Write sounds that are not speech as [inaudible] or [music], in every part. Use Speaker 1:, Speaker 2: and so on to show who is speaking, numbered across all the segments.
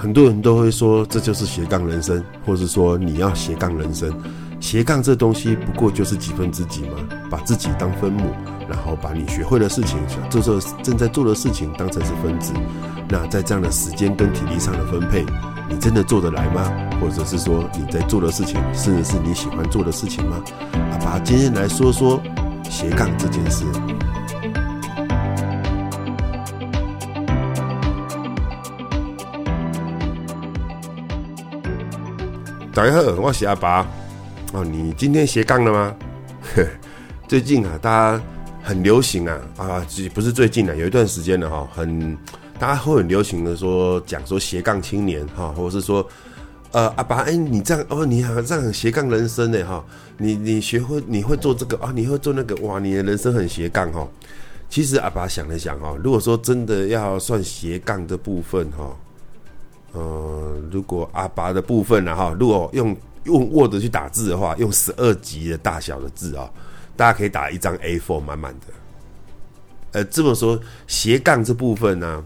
Speaker 1: 很多人都會說，這就是斜槓人生，或者是說你要斜槓人生。斜槓這東西不過就是幾分之幾嗎？把自己當分母，然後把你學會的事情、想做做正在做的事情當成是分子。那在這樣的時間跟體力上的分配，你真的做得來嗎？或者是說你在做的事情甚至是你喜歡做的事情嗎？阿拔今天來說說斜槓這件事。等一下，我是阿拔哦，你今天斜槓了嗎呵？最近啊，大家很流行啊、啊，不是最近啊，有一段時間了哈，很大家會很流行的說講說斜槓青年哈、哦，或者是說呃阿拔，哎、欸、你這樣哦，你好像、啊、很斜槓人生呢哈、哦，你你學會你會做這個啊、哦，你會做那個哇，你的人生很斜槓哈、哦。其實阿拔想了想哈，如果說真的要算斜槓的部分哈。哦呃，如果阿拔的部分呢，哈，如果用用 Word 去打字的話，用十二級的大小的字啊，大家可以打一張 A4 滿滿的。呃，這麼說斜槓這部分呢、啊，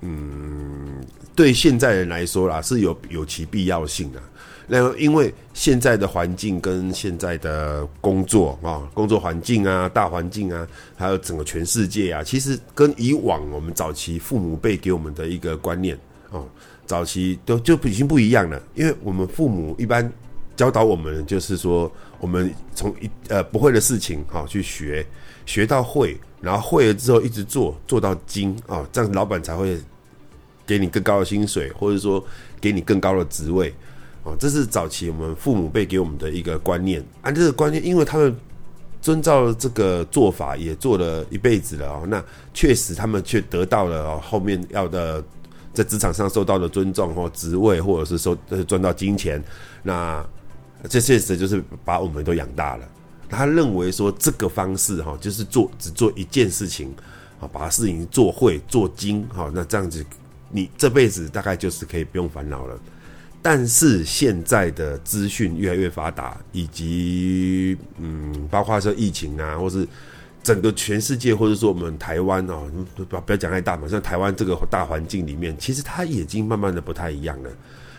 Speaker 1: 嗯，對現在人來說啦，是有有其必要性的、啊。那因為現在的環境跟現在的工作啊、哦，工作環境啊，大環境啊，還有整個全世界啊，其實跟以往我們早期父母輩給我們的一個觀念啊。哦早期都就，就已經不一樣了，因為我們父母一般教導我們，就是說我們從一呃不會的事情哈、哦、去學，學到會，然後會了之後一直做做到精啊、哦，這樣子老闆才會給你更高的薪水，或者說給你更高的職位啊、哦，這是早期我們父母輩給我們的一個觀念啊。這個觀念，因為他們遵照了這個做法也做了一輩子了哦，那確實他們卻得到了、哦、後面要的。在職場上受到的尊重或職位，或者是說賺到金錢，那這現實就是把我們都養大了。他認為說這個方式哈，就是做只做一件事情，啊，把事情做會做精哈，那這樣子你這輩子大概就是可以不用煩惱了。但是現在的資訊越來越發達，以及嗯，包括說疫情啊，或是。整個全世界，或者說我們台灣哦，不不要講太大嘛，像台灣這個大環境裡面，其實它已經慢慢的不太一樣了。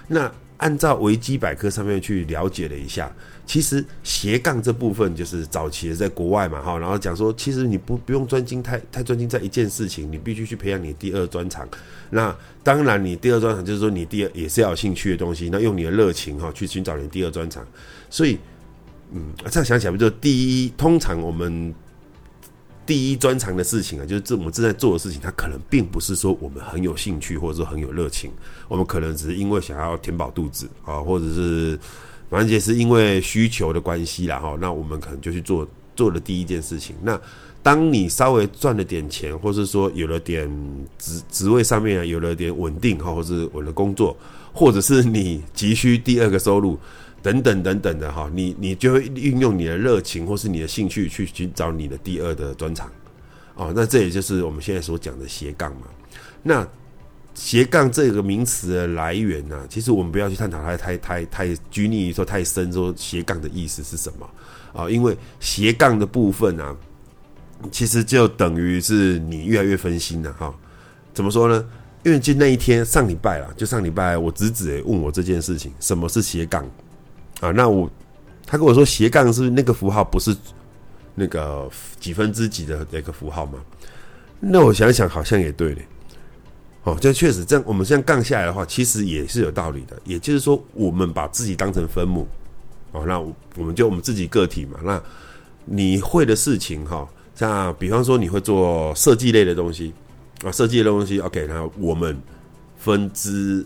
Speaker 1: 那按照維基百科上面去了解了一下，其實斜槓這部分就是早期的在國外嘛，哈，然後講說，其實你不不用專精太太專精在一件事情，你必須去培養你第二專長。那當然，你第二專長就是說你第二也是要有興趣的東西，那用你的熱情哈去尋找你第二專長。所以，嗯，這樣想起來不就第一，通常我們。第一專長的事情啊，就是這我們正在做的事情，它可能並不是說我們很有興趣或者說很有熱情，我們可能只是因為想要填飽肚子啊，或者是完全是因為需求的關係，然後，那我們可能就去做做的第一件事情。那當你稍微賺了點錢，或是說有了點職職位上面有了點穩定哈，或者是穩了工作，或者是你急需第二個收入。等等等等的哈，你你就會運用你的熱情或是你的興趣去尋找你的第二的專長，哦，那這也就是我們現在所講的斜槓嘛。那斜槓這個名詞的來源呢、啊，其實我們不要去探討它太太太，太拘泥於說太深說斜槓的意思是什麼啊、哦，因為斜槓的部分呢、啊，其實就等於是你越來越分心了、啊、哈、哦。怎麼說呢？因為就那一天上禮拜啦，就上禮拜我侄子問我這件事情，什麼是斜槓？啊，那我，他跟我說斜槓是，是那個符號，不是那個幾分之幾的那個符號嗎？那我想想，好像也對嘞。哦，這確實這樣。我們這樣槓下來的話，其實也是有道理的。也就是說，我們把自己當成分母。哦，那我們就我們自己個體嘛。那你會的事情哈、哦，像比方說你會做設計類的東西啊，設計類的東西 OK，然後我們分支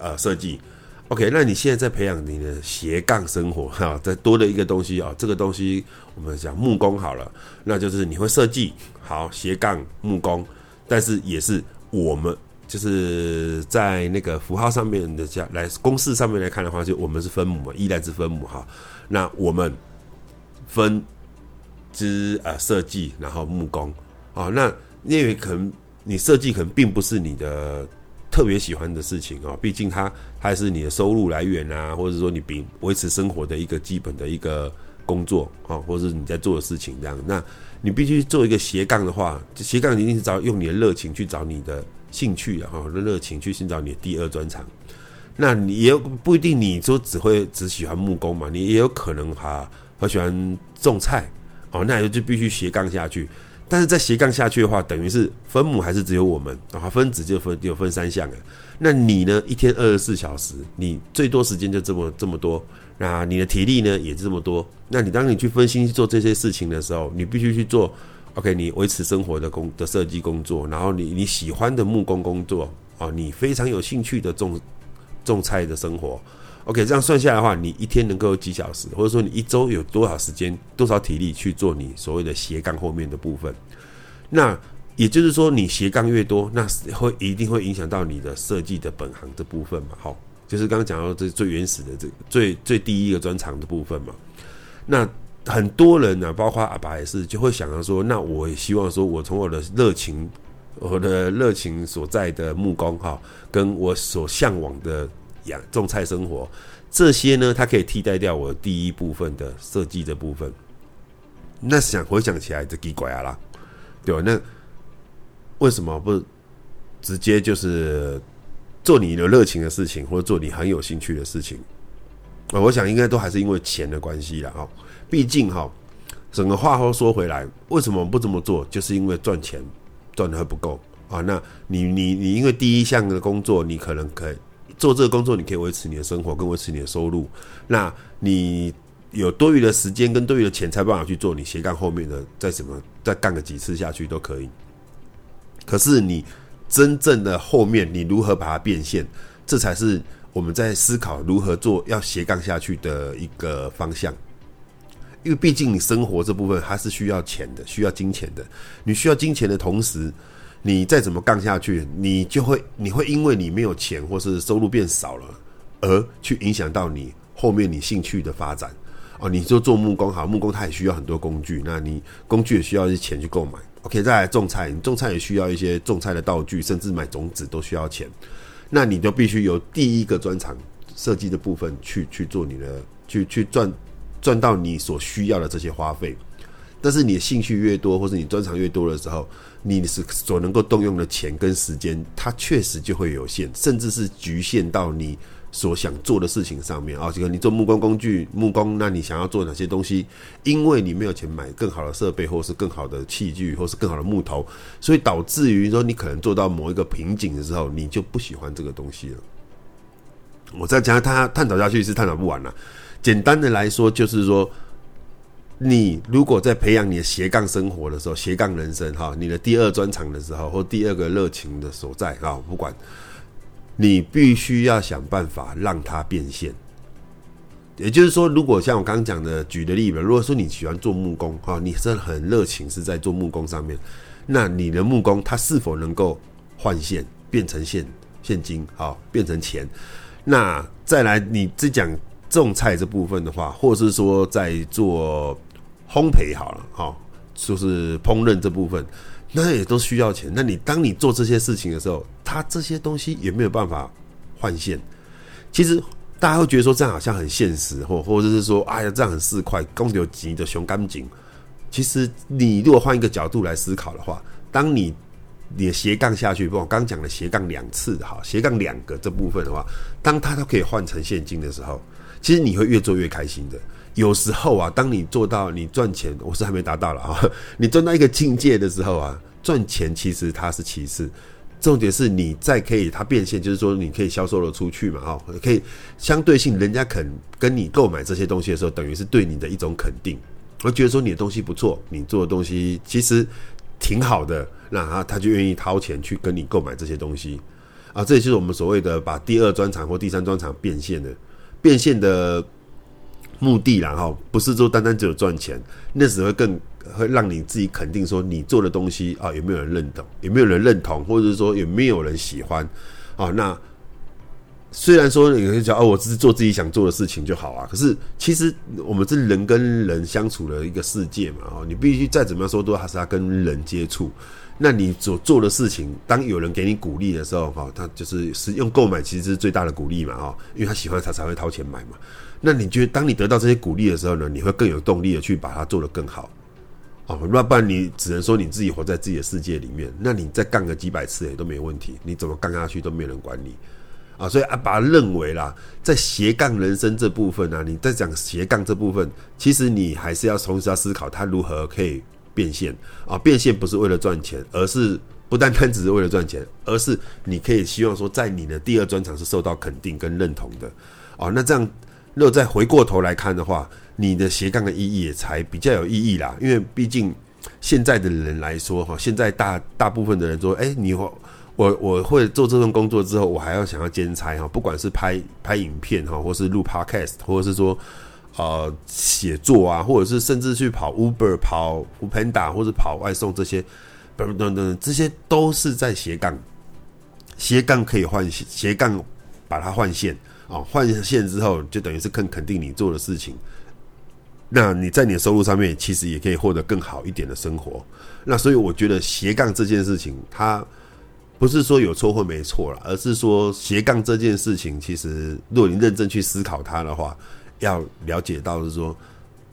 Speaker 1: 啊設計。呃 OK，那你現在在培養你的斜槓生活哈，再多了一個東西啊、哦，這個東西我們講木工好了，那就是你會設計好斜槓木工，但是也是我們就是在那個符號上面的叫來公式上面來看的話，就我們是分母嘛，依然是分母哈。那我們分之啊、呃、設計，然後木工啊、哦，那因為可能你設計可能並不是你的。特別喜歡的事情啊、哦，畢竟它還是你的收入來源啊，或者說你比維持生活的一個基本的一個工作啊、哦，或者是你在做的事情這樣。那你必須做一個斜槓的話，斜槓一定是找用你的熱情去找你的興趣啊，哦、熱情去尋找你的第二專長。那你也不一定你說只會只喜歡木工嘛，你也有可能哈很喜歡種菜哦，那你就必須斜槓下去。但是在斜槓下去的話，等於是分母還是只有我們，然後分子就分有分三項啊。那你呢？一天二十四小時，你最多時間就這麼這麼多，那你的體力呢也是這麼多。那你當你去分心去做這些事情的時候，你必須去做。OK，你維持生活的工的設計工作，然後你你喜歡的木工工作，哦，你非常有興趣的種種菜的生活。OK，這樣算下來的話，你一天能夠有幾小時，或者說你一周有多少時間、多少體力去做你所謂的斜槓後面的部分？那也就是說，你斜槓越多，那會一定會影響到你的設計的本行的部分嘛？哈、哦，就是剛剛講到這最原始的這個、最最第一個專長的部分嘛。那很多人呢、啊，包括阿爸也是，就會想到說，那我也希望說我從我的熱情、我的熱情所在的木工哈，跟我所嚮往的。種菜生活這些呢，它可以替代掉我第一部分的設計的部分，那想回想起來就奇怪啊了啦，對吧？那為什麼不直接就是做你的熱情的事情，或者做你很有興趣的事情？啊，我想應該都還是因為錢的關係了哈。畢竟哈，整個話都說回來，為什麼不這麼做？就是因為賺錢賺得還不夠啊。那你你你因為第一項的工作，你可能可以。做這個工作，你可以維持你的生活，跟維持你的收入。那你有多餘的時間跟多餘的錢，才辦法去做你斜槓後面的再什麼，再槓個幾次下去都可以。可是你真正的後面，你如何把它變現，這才是我們在思考如何做要斜槓下去的一個方向。因為畢竟你生活這部分，它是需要錢的，需要金錢的。你需要金錢的同時。你再怎麼槓下去，你就會，你會因為你沒有錢，或是收入變少了，而去影響到你後面你興趣的發展。哦，你就做木工好，木工它也需要很多工具，那你工具也需要一些錢去購買。OK，再來種菜，你種菜也需要一些種菜的道具，甚至買種子都需要錢。那你就必須由第一個專長設計的部分去去做你的，去去賺賺到你所需要的這些花費。但是你的興趣越多，或是你專長越多的時候，你是所能夠動用的錢跟時間，它確實就會有限，甚至是局限到你所想做的事情上面啊。這、哦、個你做木工工具，木工，那你想要做哪些東西？因為你沒有錢買更好的設備，或是更好的器具，或是更好的木頭，所以導致於說你可能做到某一個瓶頸的時候，你就不喜歡這個東西了。我再講，它探討下去是探討不完了。簡單的來說，就是說。你如果在培養你的斜槓生活的時候，斜槓人生哈，你的第二專長的時候，或第二個熱情的所在啊，不管，你必須要想辦法讓它變現。也就是說，如果像我剛剛講的舉的例子，如果說你喜歡做木工哈，你是很熱情是在做木工上面，那你的木工它是否能夠換現變成現現金啊變成錢？那再來你只講種菜這部分的話，或是說在做。烘焙好了，哦，就是烹飪這部分，那也都需要錢。那你當你做這些事情的時候，它這些東西也沒有辦法換現。其實大家會覺得說，這樣好像很現實，或或者是說，哎呀，這樣很市儈。講到錢傷感情。其實你如果換一個角度來思考的話，當你你的斜槓下去，不我剛講的斜槓兩次的哈，斜槓兩個這部分的話，當它都可以換成現金的時候，其實你會越做越開心的。有時候啊，當你做到你賺錢，我是還沒達到了哈、哦，你賺到一個境界的時候啊，賺錢其實它是其次，重點是你在可以它變現，就是說你可以銷售得出去嘛哈，可以相對性，人家肯跟你購買這些東西的時候，等於是對你的一種肯定，我覺得說你的東西不錯，你做的東西其實挺好的，那他他就願意掏錢去跟你購買這些東西啊，這也就是我們所謂的把第二專長或第三專長變現的，變現的。目的，然後不是說單單只有賺錢，那時會更會讓你自己肯定說你做的東西啊，有沒有人認同，有沒有人認同，或者是說有沒有人喜歡啊、哦？那雖然說有人講哦，我只是做自己想做的事情就好啊，可是其實我們是人跟人相處的一個世界嘛哦，你必須再怎麼樣說都還是要跟人接觸。那你所做的事情，當有人給你鼓勵的時候，哈、哦，他就是使用購買其實是最大的鼓勵嘛，哈、哦，因為他喜歡才才會掏錢買嘛。那你覺得當你得到這些鼓勵的時候呢，你會更有動力的去把它做得更好，哦，那不然你只能說你自己活在自己的世界裡面。那你再槓個幾百次也都沒問題，你怎麼槓下去都沒人管你，啊、哦，所以阿拔認為啦，在斜槓人生這部分呢、啊，你在講斜槓這部分，其實你還是要重新思考他如何可以。變現啊，變現不是為了賺錢，而是不單單只是為了賺錢，而是你可以希望說，在你的第二專長是受到肯定跟認同的哦。那這樣，若再回過頭來看的話，你的斜槓的意義也才比較有意義啦。因為畢竟現在的人來說哈，現在大大部分的人說，誒、欸，你我我會做這份工作之後，我還要想要兼差哈，不管是拍拍影片哈，或是錄 podcast，或者是說。呃，寫作啊，或者是甚至去跑 Uber、跑 U Panda 或者跑外送這些，等等等等，這些都是在斜槓。斜槓可以換斜槓，把它換線啊、哦，換線之後就等於是更肯定你做的事情。那你在你的收入上面，其實也可以獲得更好一點的生活。那所以我覺得斜槓這件事情，它不是說有錯或沒錯了，而是說斜槓這件事情，其實如果你認真去思考它的話。要了解到是說，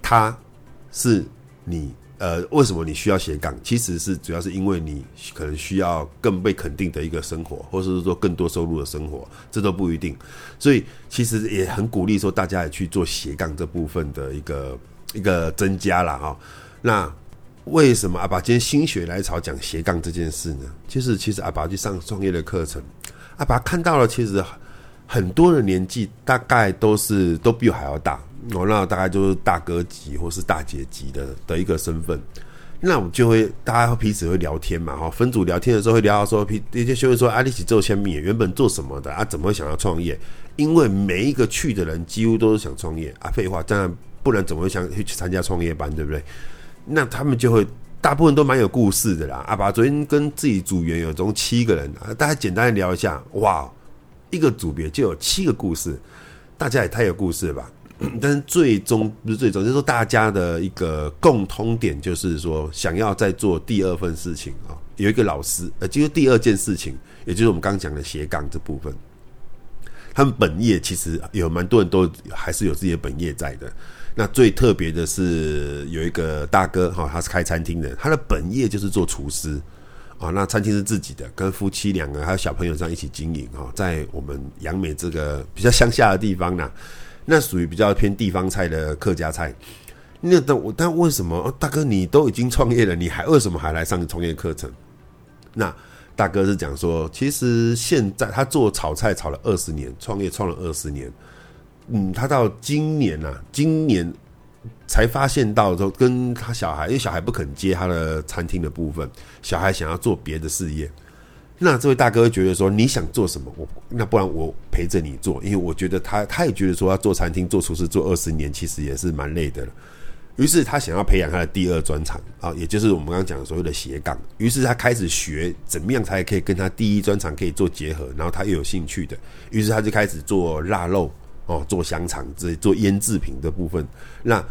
Speaker 1: 他是你呃，為什麼你需要斜槓？其實是主要是因為你可能需要更被肯定的一個生活，或者是說更多收入的生活，這都不一定。所以其實也很鼓勵說大家也去做斜槓這部分的一個一個增加啦哈，那為什麼阿爸今天心血來潮講斜槓這件事呢？其實，其實阿爸去上創業的課程，阿爸看到了其實。很多的年紀大概都是都比我還要大，哦，那大概就是大哥級或是大姐級的的一個身份。那我們就會大家彼此會聊天嘛，哈，分組聊天的時候會聊到說，一些學員說，啊，一起做簽名原本做什麼的啊？怎麼會想要創業？因為每一個去的人幾乎都是想創業啊，廢話，當然不然怎麼會想去參加創業班，對不對？那他們就會大部分都蠻有故事的啦。阿、啊、拔昨天跟自己組員有總共七個人，啊，大家簡單聊一下，哇！一個組別就有七個故事，大家也太有故事了吧？但是最終不是最終，就是說大家的一個共通點就是說想要再做第二份事情啊。有一個老師，呃，就是第二件事情，也就是我們剛講的斜槓這部分。他們本業其實有蠻多人都還是有自己的本業在的。那最特別的是有一個大哥哈，他是開餐廳的，他的本業就是做廚師。啊、哦，那餐廳是自己的，跟夫妻兩個還有小朋友這樣一起經營啊、哦，在我們楊梅這個比較鄉下的地方呢、啊，那屬於比較偏地方菜的客家菜。那我但為什麼、哦、大哥你都已經創業了，你還為什麼還來上創業課程？那大哥是講說，其實現在他做炒菜炒了二十年，創業創了二十年，嗯，他到今年吶、啊，今年。才發現到之後，跟他小孩，因為小孩不肯接他的餐廳的部分，小孩想要做別的事業。那這位大哥覺得說，你想做什麼？我那不然我陪着你做，因為我覺得他他也覺得說要做餐廳、做廚師做二十年，其實也是蠻累的了。於是他想要培養他的第二專長啊，也就是我們剛剛講的所謂的斜槓。於是他開始學怎麼樣才可以跟他第一專長可以做結合，然後他又有興趣的。於是他就開始做臘肉。哦，做香腸，這做醃製品的部分，那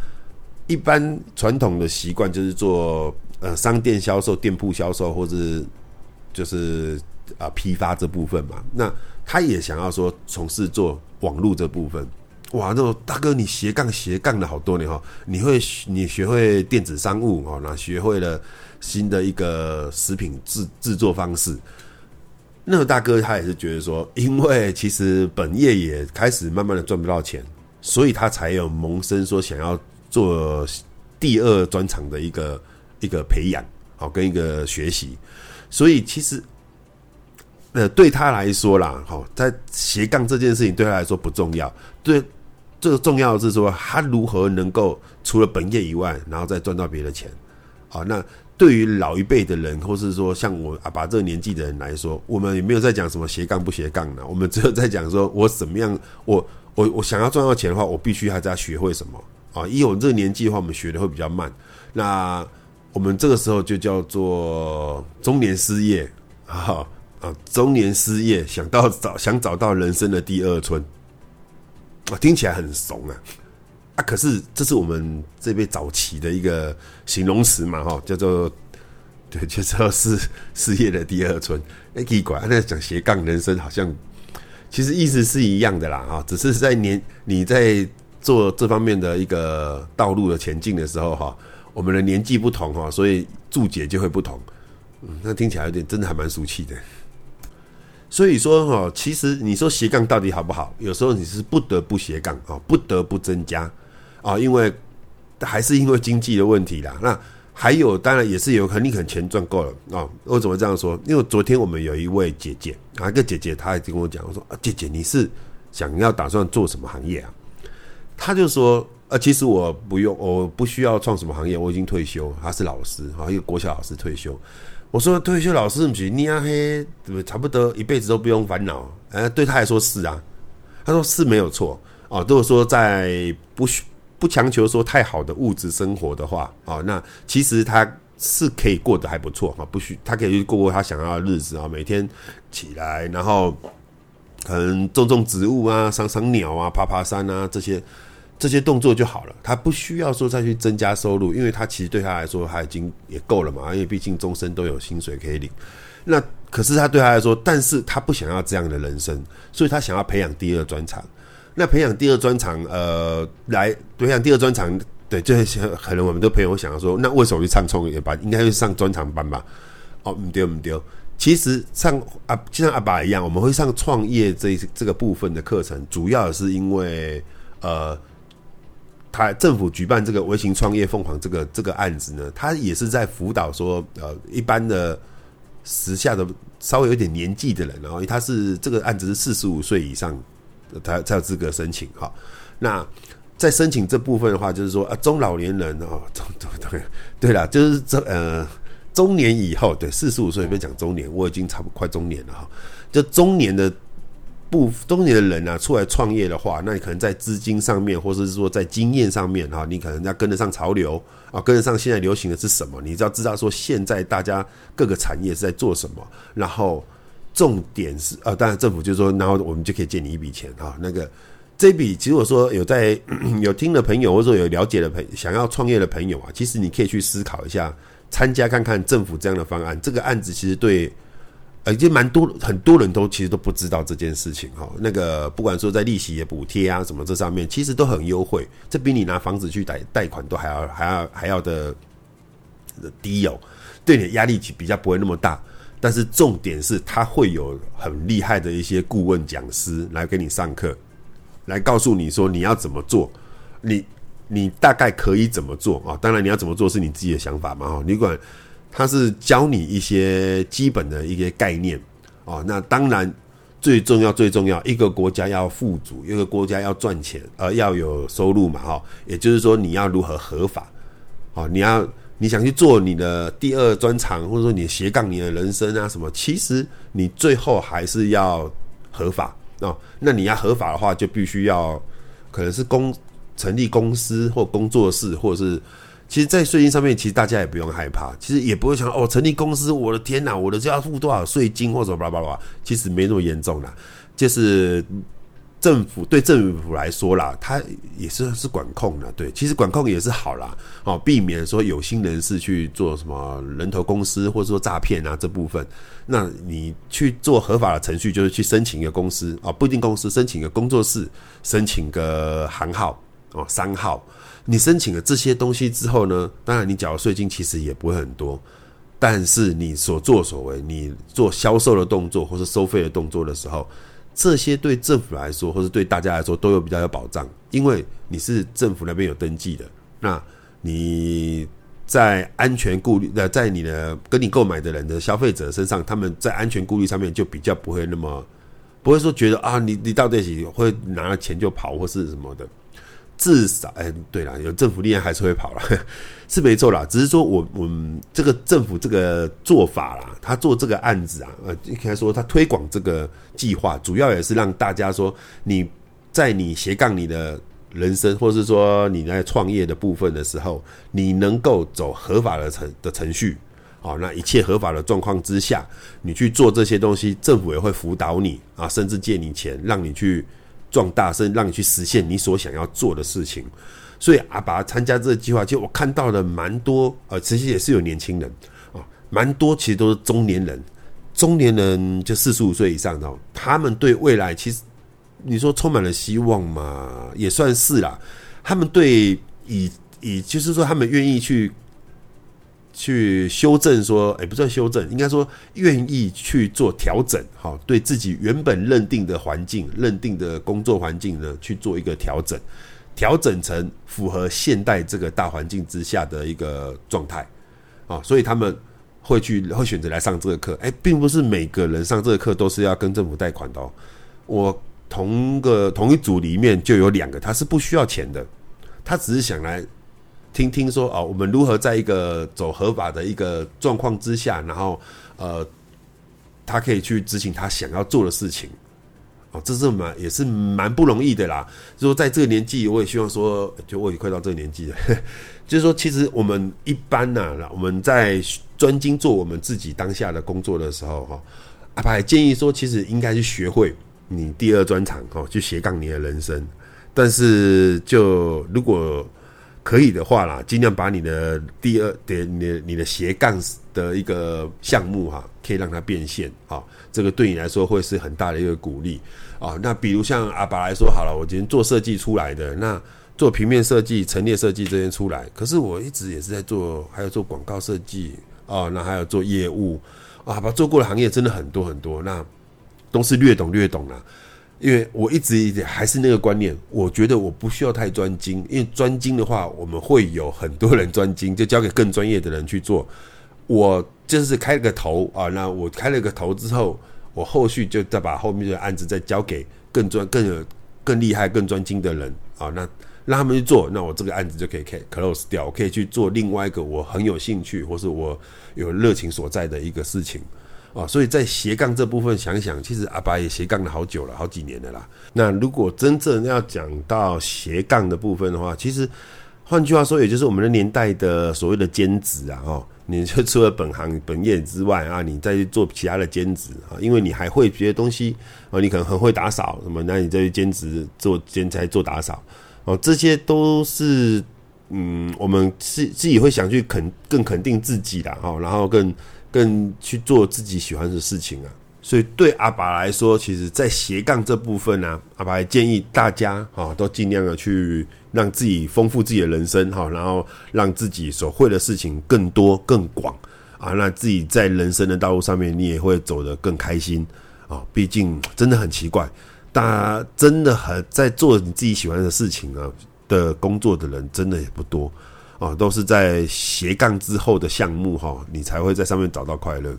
Speaker 1: 一般傳統的習慣就是做呃商店銷售、店鋪銷售，或是就是啊、呃、批發這部分嘛。那他也想要說從事做網絡這部分，哇，那大哥你斜槓斜槓了好多年哈、哦，你會你學會電子商務哦，那學會了新的一個食品製製作方式。那個大哥他也是覺得說，因為其實本業也開始慢慢的賺不到錢，所以他才有萌生說想要做第二專長的一個一個培養，好跟一個學習。所以其實，呃，對他來說啦，哈，在斜槓這件事情對他來說不重要，對，最重要的是說他如何能夠除了本業以外，然後再賺到別的錢，好那。對於老一輩的人，或是說像我啊，把這個年紀的人來說，我們也沒有在講什麼斜槓不斜槓的、啊，我們只有在講說，我怎麼樣，我我我想要賺到錢的話，我必須還是要學會什麼啊！因為我這個年紀的話，我們學的會比較慢。那我們這個時候就叫做中年失業啊啊！中年失業，想到找想找到人生的第二春，啊，聽起來很慫啊。啊、可是這是我們這邊早期的一個形容詞嘛，哈，叫做“對”，就是是事業的第二春。哎、欸，奇怪，啊？那講斜槓人生，好像其實意思是一樣的啦，哈，只是在年你在做這方面的一個道路的前進的時候，哈，我們的年紀不同，哈，所以注解就會不同。嗯，那聽起來有點真的還蠻俗氣的。所以說，哈，其實你說斜槓到底好不好？有時候你是不得不斜槓啊，不得不增加。啊、哦，因為還是因為經濟的問題啦。那還有，當然也是有可能，你可能錢賺夠了啊、哦。我怎麼這樣說？因為昨天我們有一位姐姐，啊，一個姐姐，她也跟我講，我說啊，姐姐，你是想要打算做什麼行業啊？她就說，呃、啊，其實我不用，我、哦、不需要創什麼行業，我已經退休，她是老師啊，一個國小老師退休。我說退休老師你，你阿黑差不多一輩子都不用煩惱。哎、啊，對她來說是啊，她說是沒有錯啊。如、哦、果說在不需要不強求說太好的物質生活的話啊，那其實他是可以過得還不錯啊，不需他可以去過過他想要的日子啊，每天起來，然後可能種種植物啊，賞賞鳥啊，爬爬山啊，這些這些動作就好了。他不需要說再去增加收入，因為他其實對他來說他已經也夠了嘛，因為畢竟終身都有薪水可以領。那可是他對他來說，但是他不想要這樣的人生，所以他想要培養第二專長。那培養第二專長，呃，來培養第二專長，對，就是可能我們的朋友想說，那為什麼去唱創業班？應該會上專長班吧？哦，不丟不丟。其實上啊，就像阿爸一樣，我們會上創業這這個部分的課程，主要是因為呃，他政府舉辦這個“微型創業鳳凰”這個這個案子呢，他也是在輔導說，呃，一般的時下的稍微有點年紀的人，然後他是這個案子是四十五歲以上。他才有資格申請哈。那在申請這部分的話，就是說啊，中老年人哦，對對對，對啦，就是這呃，中年以後，對，四十五歲變講中年，我已經差不多快中年了哈。就中年的不中年的人呢，啊，出來創業的話，那你可能在資金上面，或者是說在經驗上面哈，你可能要跟得上潮流啊，跟得上現在流行的是什麼？你只要知道說現在大家各個產業是在做什麼，然後。重點是啊，當然政府就是說，然後我們就可以借你一筆錢哈，那個這筆，其實我說有在有聽的朋友，或者說有了解的朋想要創業的朋友啊，其實你可以去思考一下，參加看看政府這樣的方案。這個案子其實對，呃，已經蠻多很多人都其實都不知道這件事情哈。那個不管說在利息也補貼啊什麼這上面，其實都很優惠，這比你拿房子去貸貸款都還要還要還要的低哦，對你的壓力比較不會那麼大。但是重點是，他會有很厲害的一些顧問講師來給你上課，來告訴你說你要怎麼做，你你大概可以怎麼做啊？當然，你要怎麼做是你自己的想法嘛哈。你管他是教你一些基本的一些概念啊。那當然最重要最重要，一個國家要富足，一個國家要賺錢，而、呃、要有收入嘛哈。也就是說，你要如何合法，哦，你要。你想去做你的第二專長，或者說你斜槓你的人生啊什麼？其實你最後還是要合法啊，哦。那你要合法的話，就必須要可能是公成立公司或工作室，或者是其實，在稅金上面，其實大家也不用害怕，其實也不會想哦，成立公司，我的天哪，啊，我的就要付多少稅金或者什麼巴拉巴拉。Blah blah blah, 其實沒那麼嚴重啦。就是。政府對政府來說啦，它也是是管控的，對，其實管控也是好啦，哦，避免說有心人士去做什麼人頭公司，或者說詐騙啊這部分。那你去做合法的程序，就是去申請一個公司啊，哦，不一定公司，申請一個工作室，申請個行號，哦，商號。你申請了這些東西之後呢，當然你繳的稅金其實也不會很多，但是你所作所為，你做銷售的動作或是收費的動作的時候，這些對政府來說，或者對大家來說，都有比較有保障，因為你是政府那邊有登記的。那你在安全顧慮，呃，在你的跟你購買的人的消費者身上，他們在安全顧慮上面就比較不會那麼，不會說覺得啊，你你到底會拿了錢就跑或是什麼的。至少，哎，對啦，有政府力量還是會跑了，是沒錯啦。只是說我，我我們這個政府這個做法啦，他做這個案子啊，呃，應該說他推廣這個計劃，主要也是讓大家說，你在你斜槓你的人生，或是說你在創業的部分的時候，你能夠走合法的程、的程序，哦，那一切合法的狀況之下，你去做這些東西，政府也會輔導你啊，甚至借你錢讓你去。壯大聲讓你去實現你所想要做的事情。所以阿拔參加這個計劃，其實我看到了蠻多呃，其實也是有年輕人啊，蠻多其實都是中年人，中年人就四十五歲以上的。他們對未來其實你說充滿了希望嘛，也算是啦。他們對以以就是說，他們願意去。去修正說，哎、欸，不算修正，應該說願意去做調整，哈，對自己原本認定的環境、認定的工作環境呢，去做一個調整，調整成符合現代這個大環境之下的一個狀態，啊，所以他們會去，會選擇來上這個課，誒、欸，並不是每個人上這個課都是要跟政府貸款的、哦，我同個同一組裡面就有兩個，他是不需要錢的，他只是想來。聽聽說哦，我們如何在一個走合法的一個狀況之下，然後呃，他可以去執行他想要做的事情，哦，這是蠻也是蠻不容易的啦。就是、說在這個年紀，我也希望說，就我也快到這個年紀了。 [laughs] 就是說，其實我們一般呢、啊，我們在專精做我們自己當下的工作的時候，哈、啊，阿拔建議說，其實應該去學會你第二專長，哈、哦，去斜槓你的人生。但是，就如果可以的話啦，儘量把你的第二點、你的斜槓的一個項目哈、啊，可以讓它變現啊，這個對你來說會是很大的一個鼓勵啊。那比如像阿拔來說好了，我今天做設計出來的，那做平面設計、陳列設計這些出來，可是我一直也是在做，還有做廣告設計啊，那還有做業務啊，阿拔做過的行業真的很多很多，那都是略懂略懂啦、啊。因為我一直，一直還是那個觀念，我覺得我不需要太專精，因為專精的話，我們會有很多人專精，就交給更專業的人去做。我就是開了個頭啊，那我開了個頭之後，我後續就再把後面的案子再交給更專、更有、更厲害、更專精的人啊，那讓他們去做，那我這個案子就可以開 close 掉，我可以去做另外一個我很有興趣或是我有熱情所在的一個事情。啊、哦，所以在斜槓這部分想想，其實阿拔也斜槓了好久了，好幾年了啦。那如果真正要講到斜槓的部分的話，其實換句話說，也就是我們的年代的所謂的兼職啊，哦，你就除了本行本業之外啊，你再去做其他的兼職啊、哦，因為你還會別的東西啊、哦，你可能很會打掃，什麼，那你再去兼職做兼差做打掃哦，這些都是嗯，我們自自己會想去肯更肯定自己的哦，然後更。更去做自己喜歡的事情啊！所以對阿拔來說，其實，在斜槓這部分呢、啊，阿拔還建議大家啊，都儘量的去讓自己豐富自己的人生哈、啊，然後讓自己所會的事情更多更廣啊，那自己在人生的道路上面，你也會走得更開心啊！畢竟真的很奇怪，大家真的很在做你自己喜歡的事情啊的工作的人，真的也不多。哦，都是在斜槓之後的項目哈、哦，你才會在上面找到快樂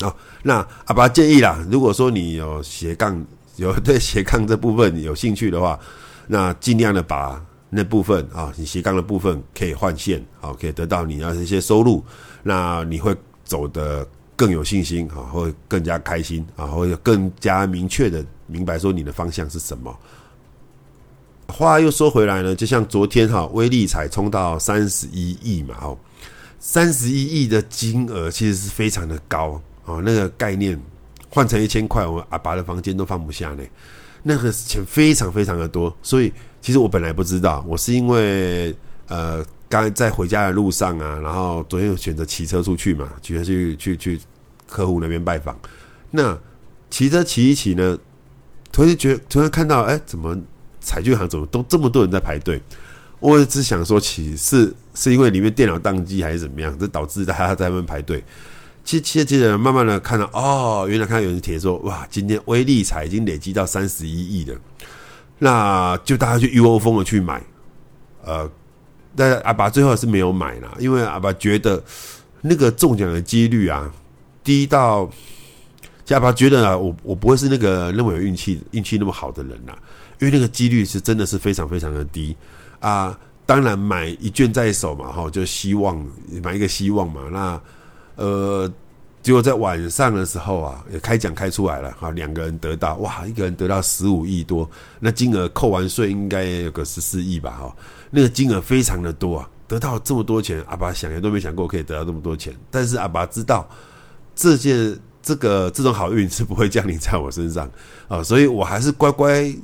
Speaker 1: 啊、哦。那阿拔建議啦，如果說你有斜槓，有對斜槓這部分有興趣的話，那盡量的把那部分啊、哦，你斜槓的部分可以換線，啊、哦，可以得到你要的一些收入，那你會走得更有信心啊、哦，會更加開心啊、哦，會更加明確的明白說你的方向是什麼。話又說回來呢，就像昨天哈、哦，威力彩衝到三十一億嘛，哦，三十一億的金額其實是非常的高哦，那個概念換成一千塊，我阿爸的房間都放不下呢。那個錢非常非常的多，所以其實我本來不知道，我是因為呃，剛在回家的路上啊，然後昨天有選擇騎車出去嘛，去去去去客戶那邊拜訪，那騎車騎一騎呢，突然覺突然看到，哎、欸，怎麼？彩券行怎麼都這麼多人在排隊？我也只想說，其實是因為裡面電腦宕機還是怎麼樣，這導致大家在那邊排隊。其實，其實慢慢的看到，哦，原來看到有人貼說，哇，今天威力彩已經累積到三十一億了，那就大家去一窩蜂的去買。呃，但阿爸最後是沒有買了，因為阿爸覺得那個中獎的幾率啊，低到阿爸覺得啊，我我不會是那個那麼有運氣、運氣那麼好的人吶、啊。因為那個幾率是真的是非常非常的低啊！當然買一卷在手嘛，哈，就希望買一個希望嘛。那呃，結果在晚上的時候啊，也開獎開出來了，哈，兩個人得到哇，一個人得到十五億多，那金額扣完稅應該有個十四億吧，哈，那個金額非常的多啊！得到這麼多錢，阿爸想也都沒想過可以得到這麼多錢，但是阿爸知道這件這個這種好運是不會降臨在我身上啊，所以我還是乖乖。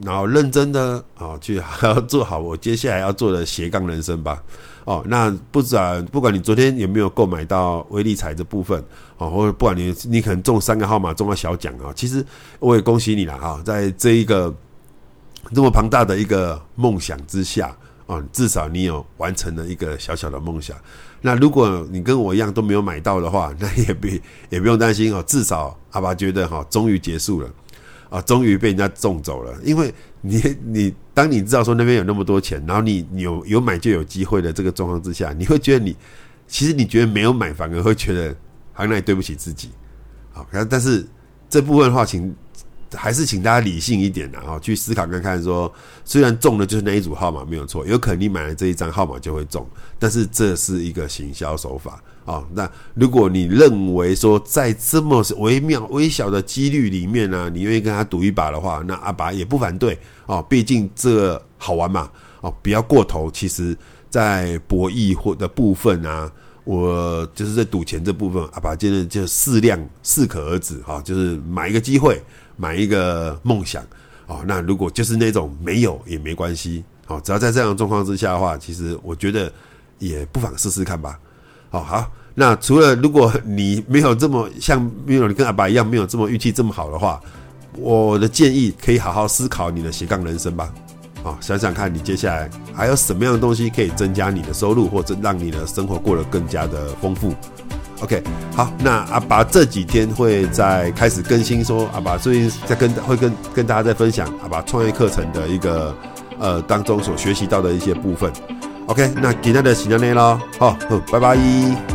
Speaker 1: 然後認真的啊，去還要做好我接下來要做的斜槓人生吧。哦，那不然不管你昨天有沒有購買到威力彩這部分哦，或者不管你你可能中三個號碼中了小獎啊，其實我也恭喜你了哈，在這一個這麼龐大的一個夢想之下啊，至少你有完成了一個小小的夢想。那如果你跟我一樣都沒有買到的話，那也不也不用擔心哦，至少阿拔覺得哈，終於結束了。啊，終於被人家中走了，因為你，你當你知道說那邊有那麼多錢，然後你，你有有買就有機會的這個狀況之下，你會覺得你，其實你覺得沒有買反而會覺得好像也對不起自己，好，然後但是這部分的話，請。還是請大家理性一點然後、啊、哈，去思考看看說。說雖然中了就是那一組號碼沒有錯，有可能你買了這一張號碼就會中，但是這是一個行銷手法、哦、那如果你認為說在這麼微妙微小的幾率裡面呢、啊，你願意跟他賭一把的話，那阿拔也不反對哦。畢竟這好玩嘛哦，不要過頭。其實，在博弈或的部分啊，我就是在賭錢這部分，阿拔就是就適量適可而止哈、哦，就是買一個機會。買一個夢想哦，那如果就是那種沒有也沒關係哦，只要在這樣的狀況之下的話，其實我覺得也不妨試試看吧。哦好，那除了如果你沒有這麼像沒有你跟阿爸一樣沒有這麼運氣這麼好的話，我的建議可以好好思考你的斜槓人生吧。啊、哦，想想看你接下來還有什麼樣的東西可以增加你的收入，或者讓你的生活過得更加的豐富。OK，好，那阿拔這幾天會在開始更新說，說阿拔最近在跟會跟跟大家在分享阿拔創業課程的一個呃當中所學習到的一些部分。OK，那今天的時間內了，好，拜拜。